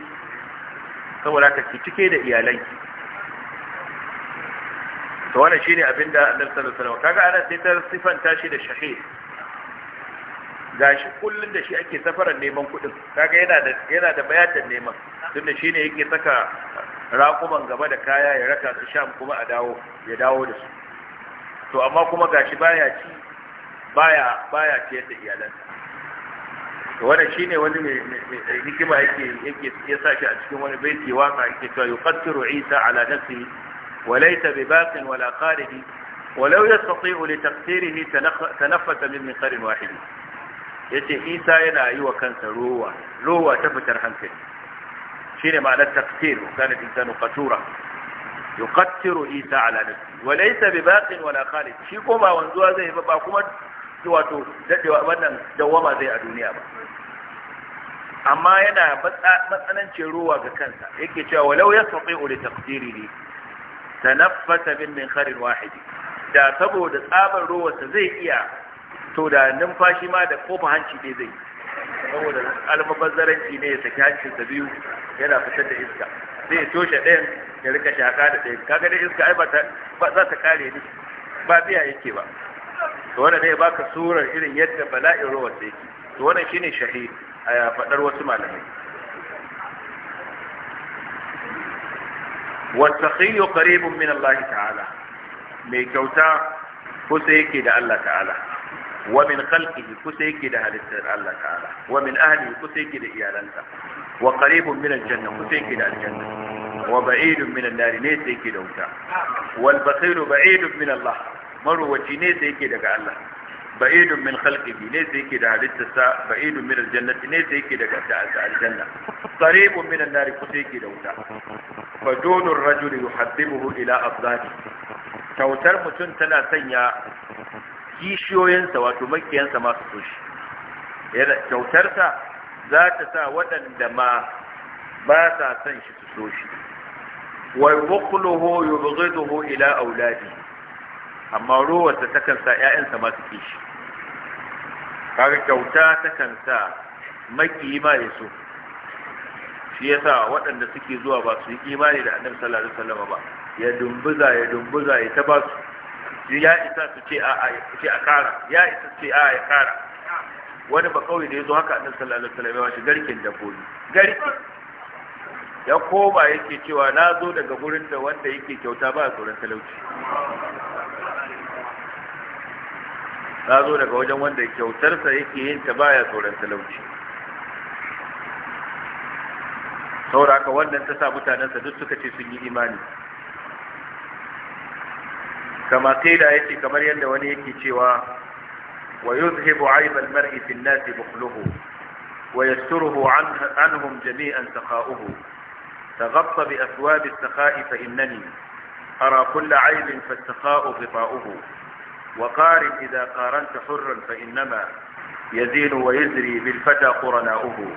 saboda ka ci cike da ki to wannan shine abin da annabi sallallahu alaihi wasallam kaga ana sai ta sifanta shi da shahid gashi kullun da shi ake safarar neman kuɗin kaga yana da yana da bayatan neman tunda shine yake saka raƙuman gaba da kaya ya raka su sham kuma a dawo ya dawo da su to amma kuma gashi baya ci baya baya ciyar da iyalansa to wannan shine wani mai hikima yake yake ya sa shi a cikin wani baiti waka yake cewa yuqaddiru Isa ala nafsihi wa laysa bi baqin wala qaridi ولو يستطيع لتقصيره تنفس من منقر واحد yace Isa yana yi wa kansa ruwa rowa ta fitar hankali shine ma'anar taqsir kana insanu qatura yuqattiru Isa ala nafsi wa laysa bi baqin wala khalid shi ko ba wanzuwa zai ba ba kuma wato dadewa wannan dawama zai a duniya ba amma yana matsanancin ruwa ga kansa yake cewa walau ya sauƙi uli taqdiri ne tanaffasa bin min harin wahidi da saboda tsabar ruwarsa zai iya to da numfashi ma da kofa hanci ne zai saboda almabazzaranci ne ya saki sa biyu yana fitar da iska zai toshe ɗayan ya rika shaka da ɗayan kaga da iska ai ba za ta kare ni ba biya yake ba to wannan ne baka surar irin yadda bala'in ruwa take to shi ne shahid a faɗar wasu malamai والسخي قريب من الله ta'ala mai kyauta kusa yake da Allah ta'ala wa min khalqihi kusa yake da halittar Allah ta'ala wa min ahlihi kusa yake da iyalansa wa qaribun min aljanna kusa yake da aljanna wa ba'idun min an ne yake da wuta wal basiru ba'idun min Allah maruwaci ne sai yake daga Allah ba'idun min khalqihi ne sai yake da halittarsa ba'idun min aljannati ne sai yake daga aljanna qaribun min an-nar kusa yake da wuta fa dunur rajul yuhaddibuhu ila afdali tautar mutum tana sanya kishiyoyinsa wato makiyansa masu so shi kyautarsa za ta sa waɗanda ma ba sa son shi su so shi wa yukhluhu yubghiduhu ila auladi amma ruwarta takan sa ‘ya'yansa masu kishi kaga kyauta takan sa maki ma ya so shi sa waɗanda suke zuwa ba su yi imani da annabi sallallahu alaihi wasallam ba ya dumbuza ya dumbuza ya ta ba su ya isa su ce a a ce a kara ya isa su ce a ya kara wani ba kawai da ya zo haka annabi sallallahu alaihi wasallam ya shi garkin dabbobi garki ya koma yake cewa na zo daga gurin da wanda yake kyauta ba a tsoron talauci ta zo daga wajen wanda kyautarsa yake yin ta baya tsoron talauci sauraka wannan ta sa mutanensa duk suka ce sun yi imani kama kaida yake kamar yadda wani yake cewa wa yuzhibu aiba almar'i fi nasi bukhluhu wa yasturuhu anhum jami'an saqa'uhu تغطى بأثواب السخاء فإنني أرى كل عيب فالسخاء غطاؤه وقارن إذا قارنت حرا فإنما يزين ويزري بالفتى قرناؤه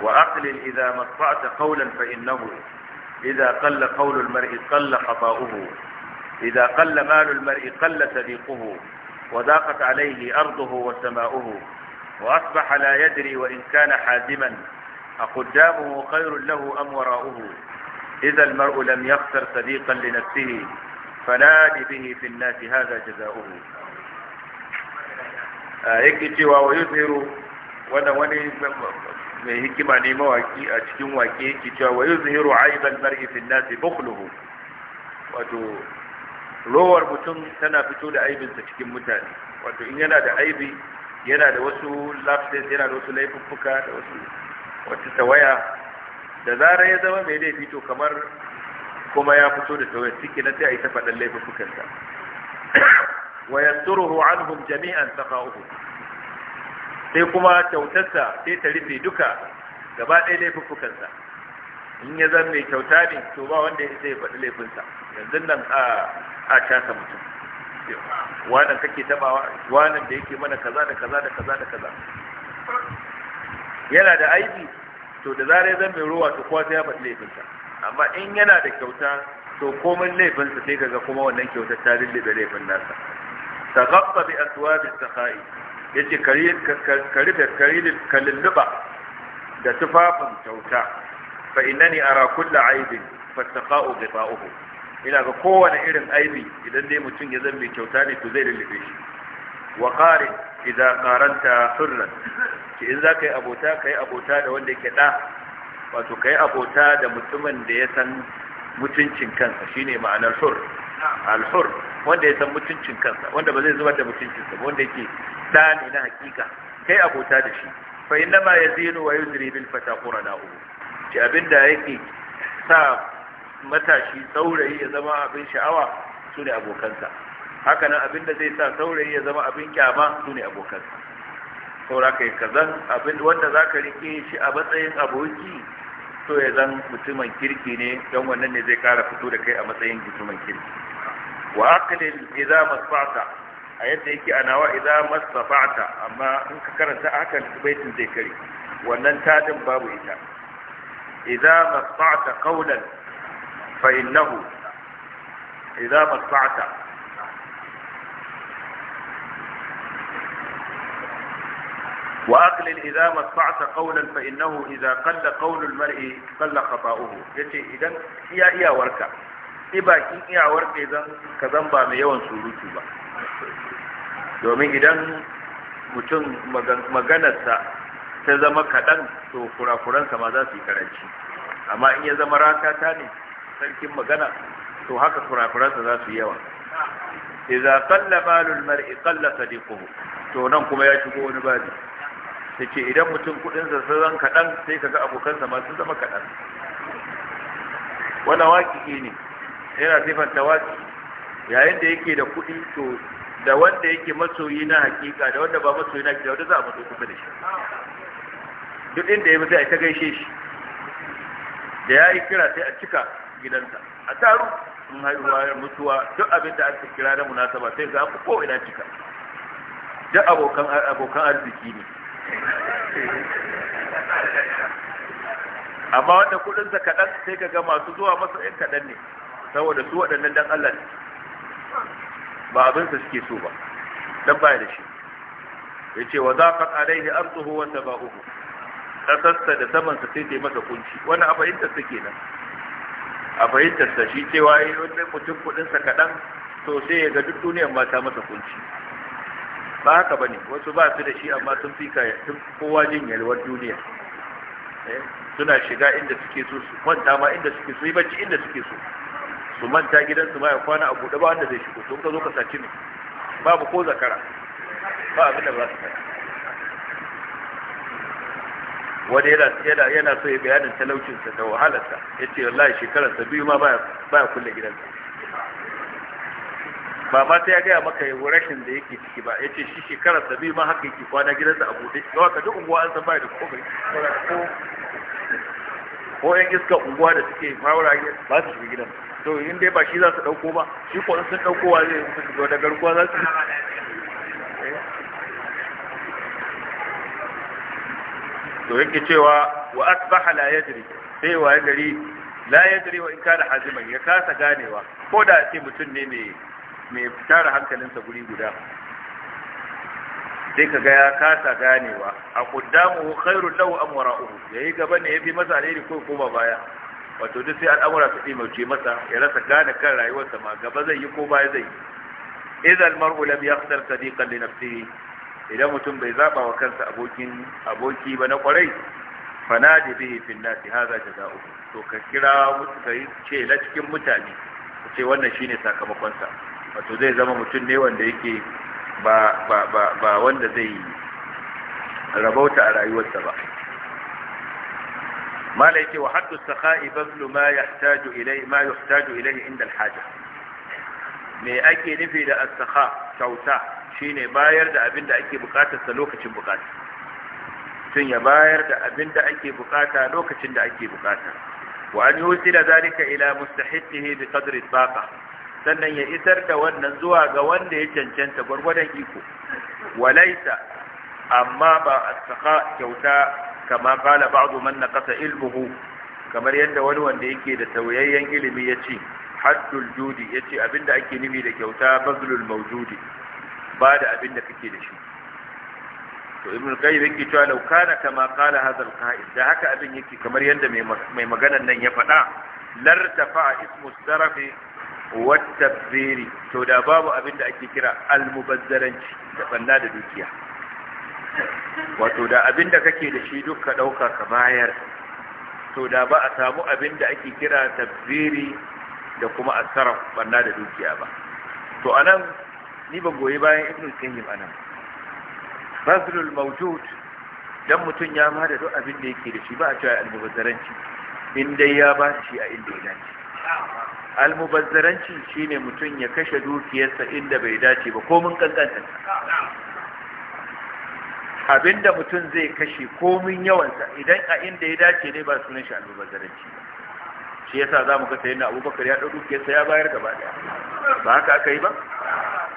وأقل إذا مطعت قولا فإنه إذا قل قول المرء قل خطاؤه إذا قل مال المرء قل صديقه وضاقت عليه أرضه وسماؤه وأصبح لا يدري وإن كان حازما أقدامه خير له أم وراؤه إذا المرء لم يخسر صديقا لنفسه faladi bihi fi nasi hadha jazaohu yake cewa wa yuzhiru wannan wani mai hikima ne mawaki a cikin wake yake cewa wa yuzhiru aibal mar'i fi nasi bukhluhu wato rowar mutum tana fito da aibinsa cikin mutane wato in yana da aibi yana da wasu lapses yana da wasu laifuffuka da wasu wata tawaya da zarar ya zama mai dai fito kamar kuma ya fito da tawai ciki na sai a yi ta faɗin laifukansa wa yasturuhu anhum jami'an taqa'uhu sai kuma tautarsa sai ta rufe duka gaba ɗaya laifukansa in ya zan mai kyauta ne to ba wanda ya sai faɗi laifinsa yanzu nan a a casa mutum wannan kake tabawa wannan da yake mana kaza da kaza da kaza da kaza yana da aibi to da zarar ya zan mai ruwa to kowa sai ya faɗi laifinsa amma in yana da kyauta to komai laifinsa sai kaga kuma wannan kyautar ta lullube laifin nasa tagaffa bi aswabi sakhai yace kari kari da kari da tufafin kyauta fa innani ara kullu aibin bi ghita'uhu ina ga kowane irin aibi idan dai mutum ya zambe kyauta ne to zai lullube shi wa qari idan qaranta hurran ki in ka yi abota kai abota da wanda yake da wato kai abota da mutumin da ya san mutuncin kansa shine ma'anar hur al-hur wanda ya san mutuncin kansa wanda ba zai zubar da mutuncinsa ba wanda yake da ne na hakika kai abota da shi fa ma yazinu wa yuzri bil fata quranahu ci abinda yake sa matashi saurayi ya zama abin sha'awa sune abokansa haka nan abinda zai sa saurayi ya zama abin kyama sune abokansa saura kai kazan abin wanda zaka rike shi a matsayin aboki so ya zan mutumin kirki ne don wannan ne zai kara fito da kai a matsayin mutumin kirki wa aqlil idza masfa'ta a yadda yake a nawa idza masfa'ta amma in ka karanta hakan baitin zai kare wannan tadin babu ita idza masfa'ta qawlan fa innahu idza masfa'ta وأقلل إذا مدفعت قولا فإنه إذا قل قول المرء قل خطاؤه يتي إذا إيا إيا وركا إبا كي إيا وركا إذا كذنبا ميوان سلوكي با domin idan mutum maganarsa ta zama kaɗan to kurakuransa ma za su yi karanci amma in ya zama ratata ne sarkin magana to haka kurakuransa za su yi yawa idza qalla malul mar'i qalla sadiquhu to nan kuma ya shigo wani bazi. ta ce idan mutum kudinsa sun zan kaɗan sai kaga abokansa ma sun zama kaɗan wannan waki ne yana sifanta waƙi yayin da yake da kuɗi to da wanda yake masoyi na hakika da wanda ba masoyi na hakika wanda za a mutu kuma da shi duk inda ya mutu a ta gaishe shi da ya yi kira sai a cika gidansa a taru in haihuwa mutuwa duk abin da aka kira na munasaba sai ga ko ina cika duk abokan arziki ne amma wanda kudinsa kaɗan sai ka ga masu zuwa masa 'yan kaɗan ne saboda su waɗannan dan Allah ne ba abinsa suke so ba dan baya da shi ya ce wa za ka alaihi wanda wa uku? ƙasarsa da samansa sai dai masa kunci wannan a ke nan. a fahimtarsa shi cewa yi wani mutum kuɗinsa kaɗan to sai ya ga duk duniyar ma ta masa kunci ba haka bane wasu ba su da shi amma sun fi tun kowa jin yalwar duniya eh, suna shiga inda suke so su kwanta ma inda suke so yi bacci inda suke so su manta su ma ya kwana a buɗe ba wanda zai shigo sun ka zo ka saci ne babu ko zakara ba abin da ba su kai wani yana so ya bayanin talaucinsa da wahalarsa ya ce wallahi shekararsa biyu ma ba ya kulle gidansa ba ma ta ya gaya maka rashin da yake ciki ba ya ce shi shekara sabi ma haka yake kwana gidansa abu. buɗe yawa ka duk unguwa an san baya da komai ko yan iska unguwa da suke fawaraye ba su shiga gidan to in dai ba shi za su ɗauko ba shi ko sun ɗauko wa zai su shiga da garkuwa za su eh. to yake cewa wa asbaha la yadri sai wa gari la yadri wa in kana haziman ya kasa ganewa ko da ce mutum ne mai mai tara hankalinsa guri guda sai ka ga ya kasa ganewa a qaddamu khairu lahu am wara'uhu yayi gaba ne yafi masa alheri ko koma baya wato duk sai al'amura su dimauce masa ya rasa gane kan rayuwarsa ma gaba zai yi ko baya zai yi idan mar'u lam yaqdar sadiqan li nafsihi idan mutum bai zaba wa kansa abokin aboki ba na kwarai fanadi bihi fi nasi hadha jazaohu to ka kira mutu kai ce la cikin mutane ce wannan shine sakamakon sa? wato zai zama mutum ne wanda yake ba ba ba ba wanda zai rabauta a rayuwarsa ba mala yake wa haddu sakha'i bablu ma yahtaju ilai ma yahtaju ilai inda alhaja me ake nufi da as-sakha kyauta shine bayar da abin da ake bukatar sa lokacin bukata tun ya bayar da abin da ake bukata lokacin da ake bukata wa an yusila zalika ila mustahiqihi bi qadri al-baqa sannan ya isar da wannan zuwa ga wanda ya cancanta gwargwadon iko walaita amma ba a asaka kyauta kama kala ba'du man naqasa ilmuhu kamar yadda wani wanda yake da tauyayyen ilimi ya ce haddul judi ya ce abinda ake nufi da kyauta bazlul mawjudi ba da abinda kake da shi to ibn qayyim yake cewa law kana kama qala hadha al-qa'id da haka abin yake kamar yadda mai maganar nan ya faɗa lartafa ismu sarafi wattafiri to da babu abin da ake kira almubazzaranci da banna da dukiya wato da abin da kake da shi duk ka ɗauka ka bayar to da ba a samu abin da ake kira tafiri da kuma asarar banna da dukiya ba to anan ni ban goyi bayan ibn a anan bazlul mawjud dan mutun ya ma da duk abin da yake da shi ba a cewa almubazzaranci in dai ya ba shi a inda ya almubazzaranci shine mutum ya kashe dukiyarsa inda bai dace ba komin kankanta abinda mutum zai kashe komin yawansa idan a inda ya dace ne ba sunan shi almubazzaranci shi yasa za mu ga sayin na abubakar ya ɗau dukiyarsa ya bayar gaba ɗaya ba haka aka yi ba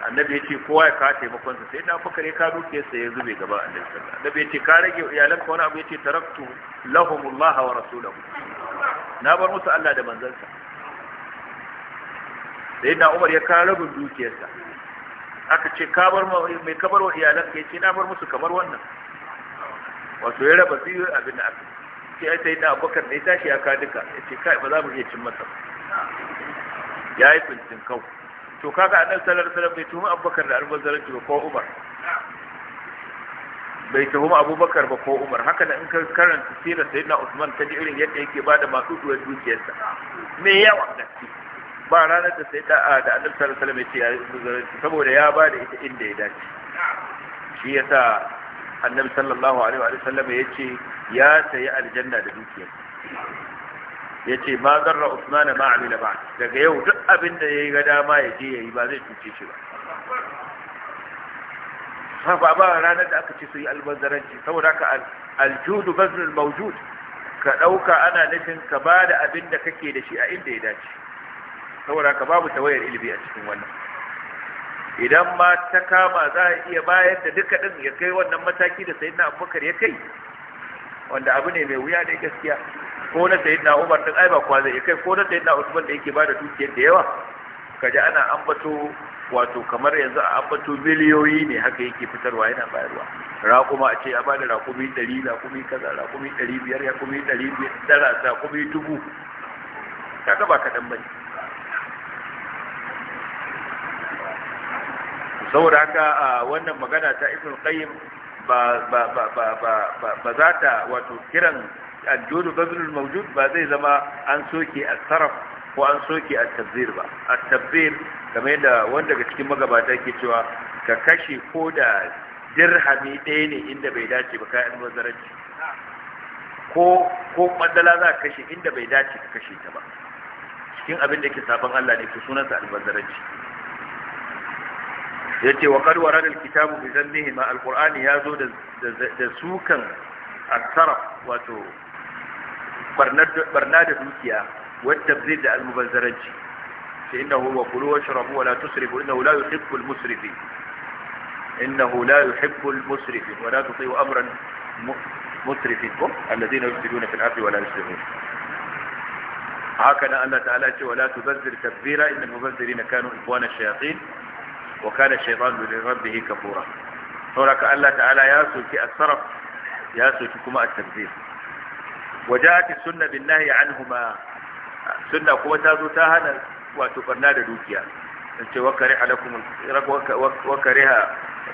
annabi ya ce kowa ya kawo taimakonsa sai na abubakar ya kawo dukiyarsa ya zube gaba annabi sallallahu annabi ya ce ka rage iyalanka wani abu ya ce taraktu lahumullaha wa rasulahu na bar musu Allah da manzansa da yadda umar ya kara rabin dukiyarsa aka ce kabar mai kabar wa iyalanka ya ce na bar musu kamar wannan wato ya raba biyu abin da aka ce ai sai na abokan ne tashi ya ka duka ya ce kai ba za mu iya cin masa ya yi fintin kau to kaga annabi sallallahu alaihi wasallam bai tuhumi abubakar da albazaranci ba ko umar bai tuhumi abubakar ba ko umar haka da in ka karanta sirar sayyidina usman ta ji irin yadda yake bada masu duwar dukiyarsa me yawa gaske ba ranar da sai da'a da annabi sallallahu alaihi wasallam ya muzarci saboda ya ba da ita inda ya dace shi ya yasa annabi sallallahu alaihi wasallam ya ce ya sayi aljanna da dukiya ya ce ma zarra usmana ma amila ba daga yau duk abin da ya yi ga dama ya je ya yi ba zai cuce shi ba ba ba ranar da aka ce su yi albazaranci saboda ka aljudu bazlul mawjud ka ɗauka ana nufin ka ba da abin da kake da shi a inda ya dace saboda ka babu tawayar ilimi a cikin wannan idan ma ta kama za a iya bayar da duka din ya kai wannan mataki da sayidina abubakar ya kai wanda abu ne mai wuya da gaskiya ko na sayidina umar din ai ba kwa zai kai ko na sayidina usman da yake bada dukiyar da yawa kaji ana ambato wato kamar yanzu a ambato miliyoyi ne haka yake fitarwa yana bayarwa raƙuma a ce ya bada raƙumi ɗari raƙumi kaza raƙumi ɗari biyar raƙumi ɗari biyar dara raƙumi dubu kaga ba kaɗan ba ne saboda haka wannan magana ta ibn qayyim ba za ta wato kiran al-judu bazlul mawjud ba zai zama an soke al-sarf ko an soke al-tabzir ba al-tabzir kamar yadda wanda daga cikin magabata ke cewa ka kashe ko da dirhami ɗaya ne inda bai dace ba kai almazaraci ko ko madala za ka kashe inda bai dace ka kashe ta ba cikin abin da ke saban Allah ne ke sunansa almazaraci yace wa qad warada alkitabu bi zannihi ma alquran yazo da da sukan asarf wato barna da dukiya wa tabzir da almubazzaranci sai innahu wa kulu washrabu wa la tusrifu innahu la yuhibbu almusrifin innahu la yuhibbu almusrifin wa la tuti'u amran musrifin kum alladhina yusrifuna fil ardi wa la yuslihun allah ta'ala هكذا الله تعالى ولا تبذر تبذيرا إن المبذرين كانوا إخوان shayatin وكان الشيطان لربه كفورا هناك الله تعالى في الصرف ياسوك كما التبذير وجاءت السنة بالنهي عنهما سنة قوة تازو تاهنا وتقرنا لدوكيا انت وكره لكم وكره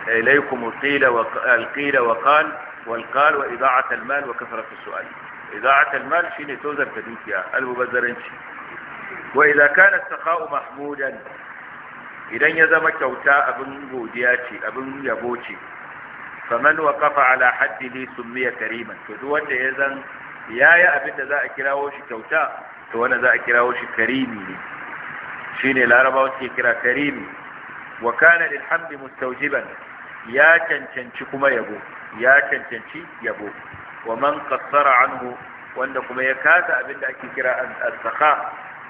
إليكم القيل القيل وقال والقال وإذاعة المال وكثرة السؤال إذاعة المال شيني توزر في دوكيا المبذر وإذا كان السخاء محمودا idan ya zama kyauta abin godiya ce abin yabo ce wa waqafa ala haddihi summiya kariman to duk wanda ya zan yi abin da za a kirawo shi kyauta to wanda za a kirawo shi karimi ne shine larabawa suke kira karimi wa kana lil hamdi mustawjiban ya cancanci kuma yabo ya cancanci yabo wa man qassara anhu wanda kuma ya kasa abin da ake kira as-saqa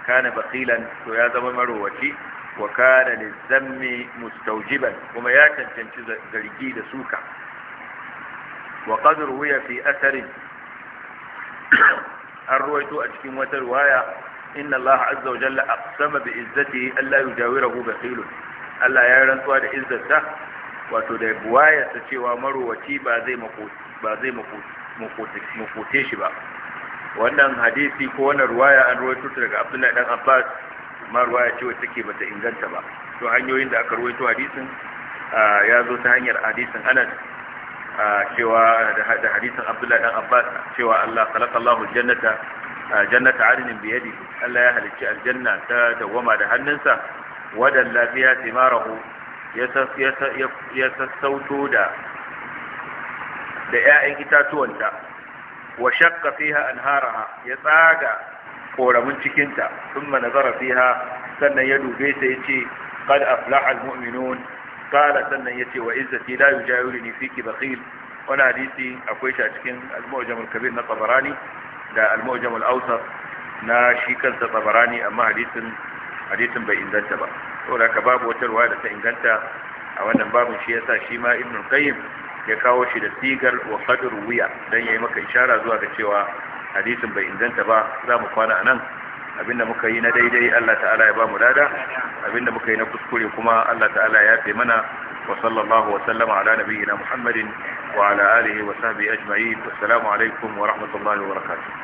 kana baqilan to ya zama marowaci wa kana lizammi mustawjiban kuma ya cancanci zargi da suka wa qad ruwiya fi atharin an ruwaito a cikin wata ruwaya inna Allah azza wa jalla aqsama bi izzatihi alla yujawirahu bakhilun Allah ya rantsuwa da izzarsa wato da buwayarsa cewa marowaci ba zai ba zai makote shi ba wannan hadisi ko wannan ruwaya an ruwaito daga Abdullahi dan Abbas amma ruwaya ce take bata inganta ba to hanyoyin da aka ruwaito hadisin ya zo ta hanyar hadisin anas cewa da hadisin abdullahi dan abbas cewa allah khalaqallahu jannata jannata adnin bi yadihi allah ya halicci aljanna ta dawama da hannunsa wadan lafiya timarahu ya sassauto da da 'ya'yan itatuwanta wa shakka fiha anharaha ya tsaga koramin cikinta sun mana zarafi ha sannan ya dube ta ya ce 'Kad'a aflaha almu'minun kala sannan ya ce wa izzati la yujawiru ni fiki bakhil wani hadisi akwai shi a cikin al-mu'jam al-kabir na tabarani da al-mu'jam al-awsat na shi kansa tabarani amma hadisin hadisin bai inganta ba da ka babu wata ruwa da ta inganta a wannan babin shi yasa shi ma ibn qayyim ya kawo shi da sigar wa wuya wiya dan yayi maka ishara zuwa ga cewa hadisin bai inganta ba za mu kwana nan abinda muka yi na daidai Allah ta'ala ya ba mu lada abinda muka yi na kuskure kuma Allah ta'ala ya yafe mana wa sallallahu wa sallama ala nabiyyina Muhammadin wa ala alihi wa sahbihi ajma'in assalamu alaikum wa rahmatullahi wa barakatuh